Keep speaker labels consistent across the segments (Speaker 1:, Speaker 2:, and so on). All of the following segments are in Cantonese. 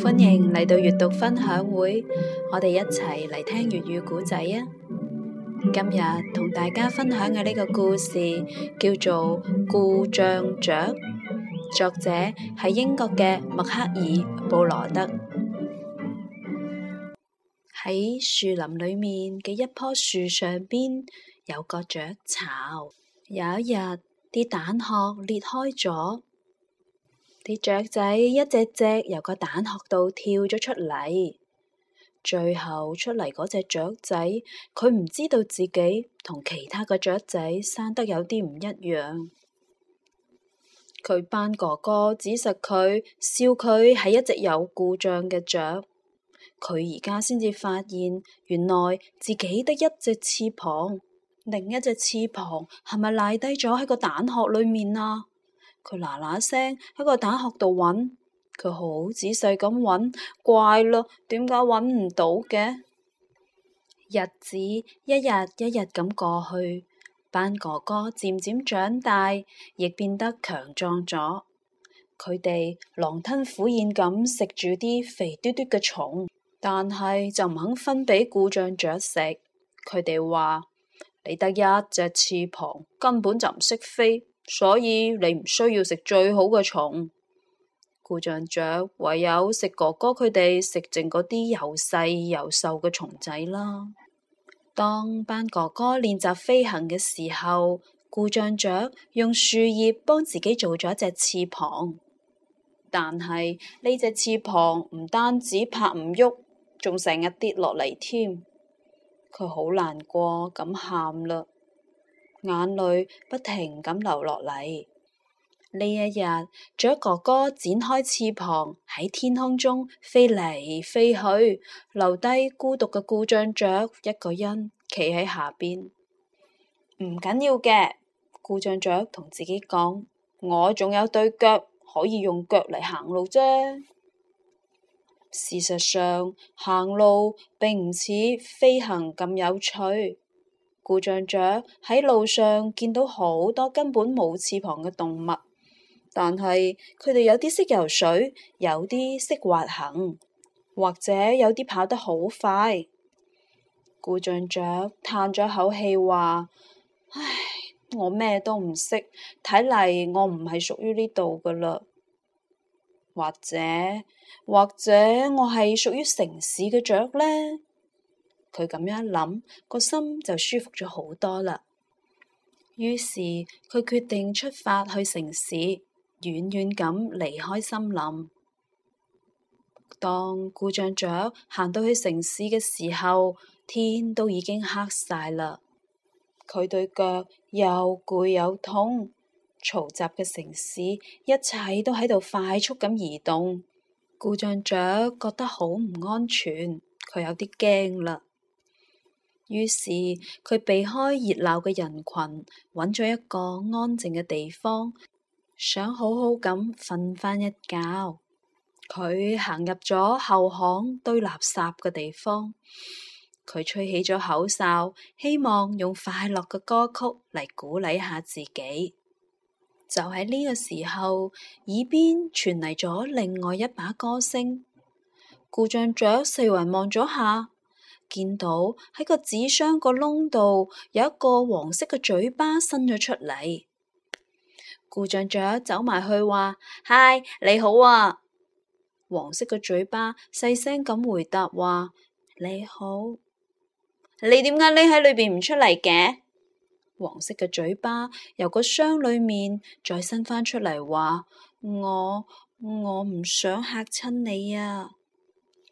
Speaker 1: 歡迎嚟到閱讀分享會，我哋一齊嚟聽粵語古仔啊！今日同大家分享嘅呢個故事叫做《故障雀》，作者係英國嘅默克爾·布羅德。喺樹林裏面嘅一棵樹上邊有個雀巢，有一日啲蛋殼裂開咗。啲雀仔一隻隻由個蛋殼度跳咗出嚟。最後出嚟嗰隻雀仔，佢唔知道自己同其他嘅雀仔生得有啲唔一樣。佢班哥哥指實佢笑佢係一隻有故障嘅雀，佢而家先至發現，原來自己得一隻翅膀，另一隻翅膀係咪賴低咗喺個蛋殼裏面啊？佢嗱嗱聲喺個蛋殼度揾，佢好仔細咁揾，怪咯，點解揾唔到嘅？日子一日一日咁過去，班哥哥漸漸長大，亦變得強壯咗。佢哋狼吞虎咽咁食住啲肥嘟嘟嘅蟲，但係就唔肯分俾故障雀食。佢哋話：你得一隻翅膀，根本就唔識飛。所以你唔需要食最好嘅蟲，故障雀唯有食哥哥佢哋食剩嗰啲又細又瘦嘅蟲仔啦。當班哥哥練習飛行嘅時候，故障雀用樹葉幫自己做咗一隻翅膀，但係呢隻翅膀唔單止拍唔喐，仲成日跌落嚟添。佢好難過，咁喊嘞。眼淚不停咁流落嚟。呢一日，雀哥哥展開翅膀喺天空中飛嚟飛去，留低孤獨嘅故障雀一個人企喺下邊。唔緊要嘅，故障雀同自己講：我仲有對腳，可以用腳嚟行路啫。事實上，行路並唔似飛行咁有趣。故障雀喺路上見到好多根本冇翅膀嘅動物，但係佢哋有啲識游水，有啲識滑行，或者有啲跑得好快。故障雀嘆咗口氣話：唉，我咩都唔識，睇嚟我唔係屬於呢度㗎喇，或者，或者我係屬於城市嘅雀呢？佢咁樣一諗，個心就舒服咗好多啦。於是佢決定出發去城市，遠遠咁離，離開森林。當故障雀行到去城市嘅時候，天都已經黑晒啦。佢對腳又攰又痛，嘈雜嘅城市一切都喺度快速咁移動。故障雀覺得好唔安全，佢有啲驚啦。於是佢避開熱鬧嘅人群，揾咗一個安靜嘅地方，想好好咁瞓翻一覺。佢行入咗後巷堆垃圾嘅地方，佢吹起咗口哨，希望用快樂嘅歌曲嚟鼓勵下自己。就喺呢個時候，耳邊傳嚟咗另外一把歌聲。故障雀四圍望咗下。見到喺個紙箱個窿度有一個黃色嘅嘴巴伸咗出嚟，故障雀走埋去話：嗨，你好啊！黃色嘅嘴巴細聲咁回答話：你好。你點解匿喺裏邊唔出嚟嘅？黃色嘅嘴巴由個箱裏面再伸返出嚟話：我我唔想吓親你啊！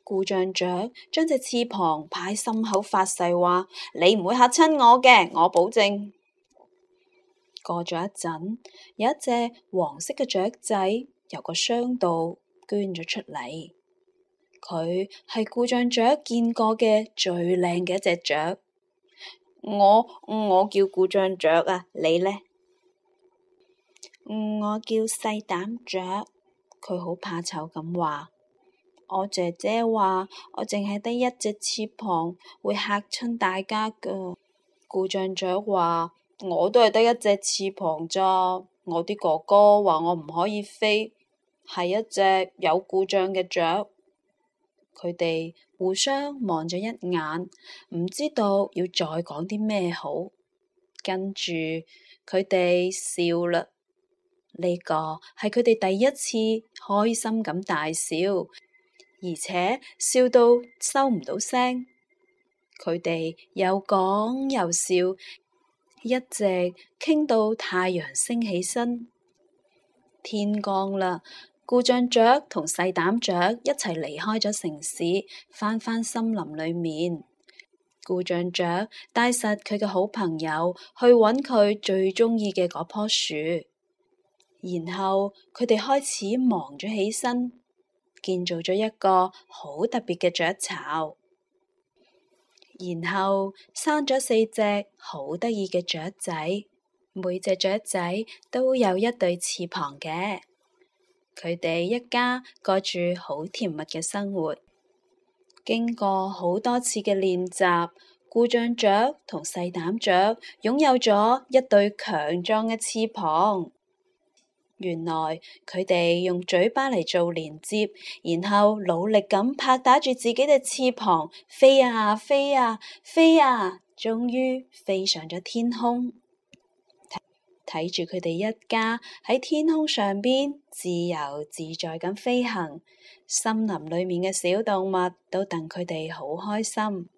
Speaker 1: 故障雀將隻翅膀擺喺心口發誓話：你唔會吓親我嘅，我保證。過咗一陣，有一隻黃色嘅雀仔由個箱度捐咗出嚟，佢係故障雀見過嘅最靚嘅一隻雀。我我叫故障雀啊，你呢？我叫細膽雀，佢好怕醜咁話。我姐姐話我淨係得一隻翅膀，會嚇親大家噶。故障雀話，我都係得一隻翅膀咋？我啲哥哥話我唔可以飛，係一隻有故障嘅雀。佢哋互相望咗一眼，唔知道要再講啲咩好，跟住佢哋笑啦。呢個係佢哋第一次開心咁大笑。而且笑到收唔到聲，佢哋又講又笑，一直傾到太陽升起身，天光啦。故障雀同細膽雀一齊離開咗城市，翻返森林裏面。故障雀帶實佢嘅好朋友去揾佢最鍾意嘅嗰棵樹，然後佢哋開始忙咗起身。建造咗一個好特別嘅雀巢，然後生咗四隻好得意嘅雀仔，每隻雀仔都有一對翅膀嘅。佢哋一家過住好甜蜜嘅生活。經過好多次嘅練習，故障雀同細膽雀擁有咗一對強壯嘅翅膀。原來佢哋用嘴巴嚟做連接，然後努力咁拍打住自己嘅翅膀，飛啊飛啊飛啊，終於飛上咗天空。睇住佢哋一家喺天空上邊自由自在咁飛行，森林裏面嘅小動物都戥佢哋好開心。